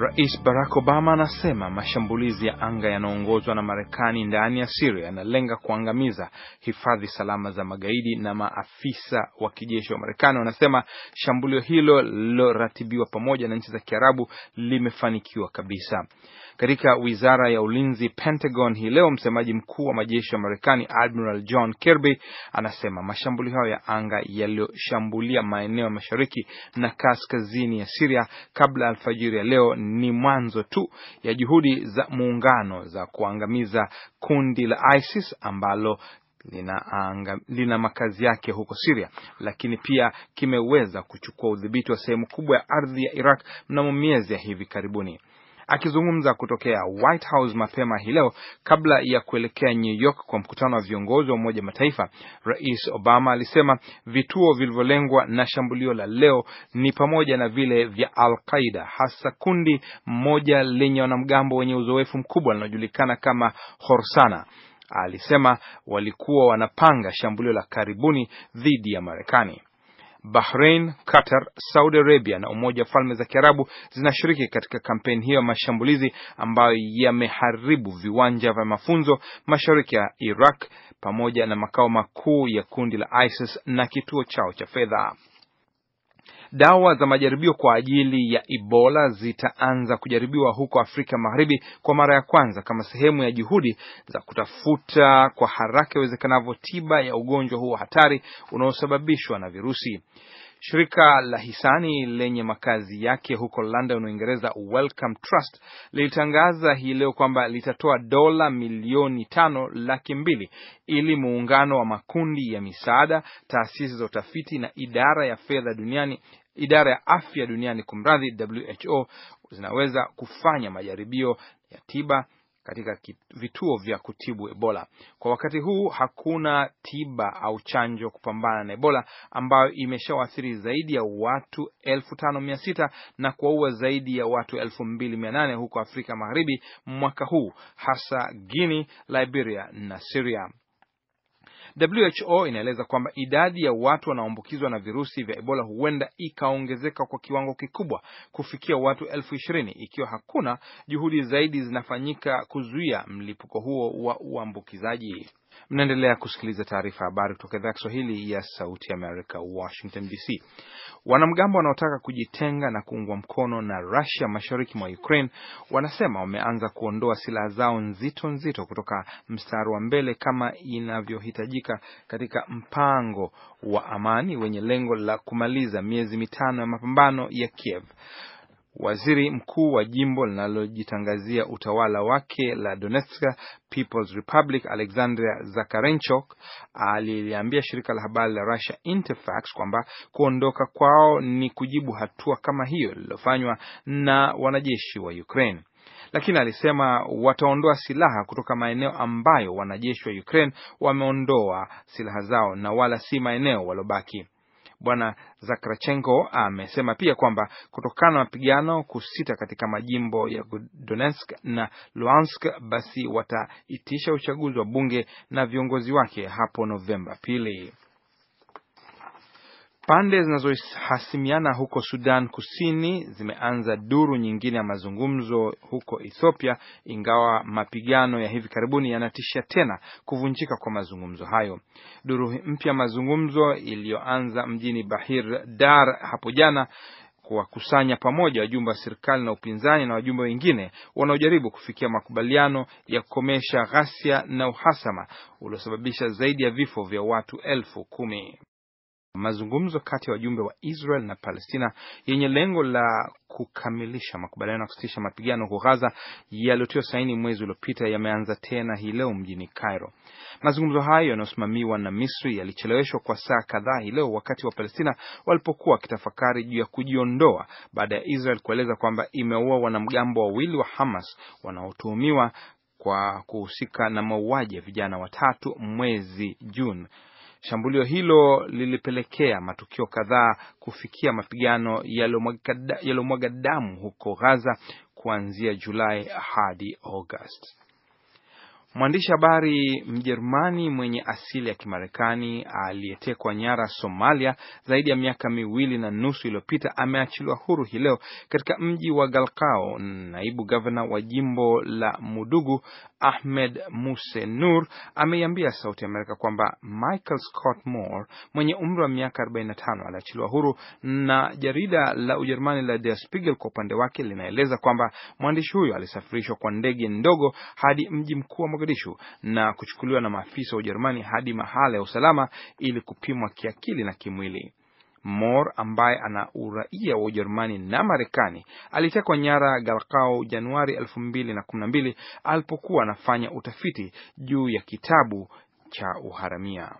Rais Barack Obama anasema mashambulizi ya anga yanayoongozwa na Marekani ndani ya siria yanalenga kuangamiza hifadhi salama za magaidi na maafisa wa kijeshi wa Marekani wanasema shambulio hilo lililoratibiwa pamoja na nchi za Kiarabu limefanikiwa kabisa. Katika Wizara ya Ulinzi Pentagon hii leo, msemaji mkuu wa majeshi ya Marekani Admiral John Kirby anasema mashambulio hayo ya anga yaliyoshambulia maeneo ya mashariki na kaskazini ya siria kabla alfajiri ya leo ni mwanzo tu ya juhudi za muungano za kuangamiza kundi la ISIS ambalo lina, lina makazi yake huko Syria, lakini pia kimeweza kuchukua udhibiti wa sehemu kubwa ya ardhi ya Iraq mnamo miezi ya hivi karibuni akizungumza kutokea White House mapema hii leo kabla ya kuelekea New York kwa mkutano wa viongozi wa Umoja Mataifa. Rais Obama alisema vituo vilivyolengwa na shambulio la leo ni pamoja na vile vya Al-Qaida, hasa kundi moja lenye wanamgambo wenye uzoefu mkubwa linalojulikana kama Horsana. Alisema walikuwa wanapanga shambulio la karibuni dhidi ya Marekani. Bahrain, Qatar, Saudi Arabia na Umoja wa Falme za Kiarabu zinashiriki katika kampeni hiyo ya mashambulizi ambayo yameharibu viwanja vya mafunzo mashariki ya Iraq pamoja na makao makuu ya kundi la ISIS na kituo chao cha fedha. Dawa za majaribio kwa ajili ya Ebola zitaanza kujaribiwa huko Afrika Magharibi kwa mara ya kwanza kama sehemu ya juhudi za kutafuta kwa haraka iwezekanavyo tiba ya ugonjwa huo hatari unaosababishwa na virusi. Shirika la hisani lenye makazi yake huko London, Uingereza, Welcome Trust lilitangaza hii leo kwamba litatoa dola milioni tano laki mbili ili muungano wa makundi ya misaada, taasisi za utafiti na idara ya fedha duniani idara ya afya duniani kumradhi, WHO zinaweza kufanya majaribio ya tiba katika vituo vya kutibu Ebola. Kwa wakati huu hakuna tiba au chanjo kupambana na Ebola ambayo imeshawaathiri zaidi ya watu elfu tano mia sita na kuwaua zaidi ya watu elfu mbili mia nane huko Afrika Magharibi mwaka huu, hasa Guinea, Liberia na Syria. WHO inaeleza kwamba idadi ya watu wanaoambukizwa na virusi vya Ebola huenda ikaongezeka kwa kiwango kikubwa kufikia watu elfu ishirini ikiwa hakuna juhudi zaidi zinafanyika kuzuia mlipuko huo wa uambukizaji. Mnaendelea kusikiliza taarifa ya habari kutoka idhaa Kiswahili ya Sauti America, Washington DC. Wanamgambo wanaotaka kujitenga na kuungwa mkono na rasia mashariki mwa Ukraine wanasema wameanza kuondoa silaha zao nzito nzito kutoka mstari wa mbele kama inavyohitajika katika mpango wa amani wenye lengo la kumaliza miezi mitano ya mapambano ya Kiev. Waziri mkuu wa jimbo linalojitangazia utawala wake la Donetsk People's Republic, Alexandria zakarenchok aliliambia shirika la habari la Russia Interfax kwamba kuondoka kwao ni kujibu hatua kama hiyo lililofanywa na wanajeshi wa Ukraine, lakini alisema wataondoa silaha kutoka maeneo ambayo wanajeshi wa Ukraine wameondoa silaha zao na wala si maeneo waliobaki. Bwana Zakrachenko amesema pia kwamba kutokana na mapigano kusita katika majimbo ya Donetsk na Luhansk, basi wataitisha uchaguzi wa bunge na viongozi wake hapo Novemba pili. Pande zinazohasimiana huko Sudan Kusini zimeanza duru nyingine ya mazungumzo huko Ethiopia, ingawa mapigano ya hivi karibuni yanatishia tena kuvunjika kwa mazungumzo hayo. Duru mpya mazungumzo iliyoanza mjini Bahir Dar hapo jana kuwakusanya pamoja wajumbe wa serikali na upinzani na wajumbe wengine wanaojaribu kufikia makubaliano ya kukomesha ghasia na uhasama uliosababisha zaidi ya vifo vya watu elfu kumi mazungumzo kati ya wajumbe wa Israel na Palestina yenye lengo la kukamilisha makubaliano ya kusitisha mapigano huko Gaza yaliyotiwa saini mwezi uliopita yameanza tena hii leo mjini Cairo. Mazungumzo hayo yanayosimamiwa na Misri yalicheleweshwa kwa saa kadhaa hii leo wakati wa Palestina walipokuwa wakitafakari juu ya kujiondoa baada ya Israel kueleza kwamba imeua wanamgambo wawili wa Hamas wanaotuhumiwa kwa kuhusika na mauaji ya vijana watatu mwezi Juni. Shambulio hilo lilipelekea matukio kadhaa kufikia mapigano yaliyomwaga damu huko Gaza kuanzia Julai hadi Agosti. Mwandishi habari Mjerumani mwenye asili ya Kimarekani aliyetekwa nyara Somalia zaidi ya miaka miwili na nusu iliyopita ameachiliwa huru hii leo katika mji wa Galkao. Naibu gavana wa jimbo la Mudugu Ahmed Muse Nur ameiambia Sauti ya Amerika kwamba Michael Scott Moore mwenye umri wa miaka 45 aliachiliwa huru, na jarida la Ujerumani la Der Spiegel kwa upande wake linaeleza kwamba mwandishi huyo alisafirishwa kwa ndege ndogo hadi mji mkuu Mogadishu na kuchukuliwa na maafisa wa Ujerumani hadi mahala ya usalama ili kupimwa kiakili na kimwili. Mor ambaye ana uraia wa Ujerumani na Marekani alitekwa nyara Galkao Januari 2012 alipokuwa anafanya utafiti juu ya kitabu cha uharamia.